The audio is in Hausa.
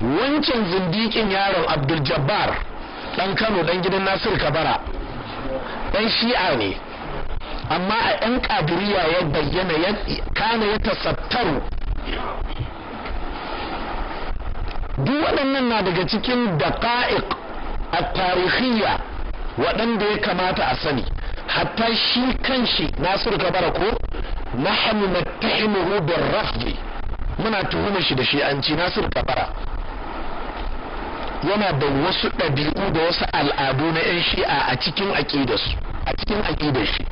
wancan zindikin yaron abdul jabbar dan kano dan gidan nasir kabara ɗan shi'a ne amma a yan kadiriya ya bayyana ya kana ya tasattaru duk waɗannan na daga cikin daqa'iq a tarihiyya waɗanda ya kamata a sani hatta shi kanshi nasir kabara ko na nahnu nattahimuhu rafi muna tuhumar shi da shi'anci nasir kabara yana da wasu ɗabi'u da wasu al'adu na 'yan shi'a a cikin aƙidarsu a cikin aƙidar shi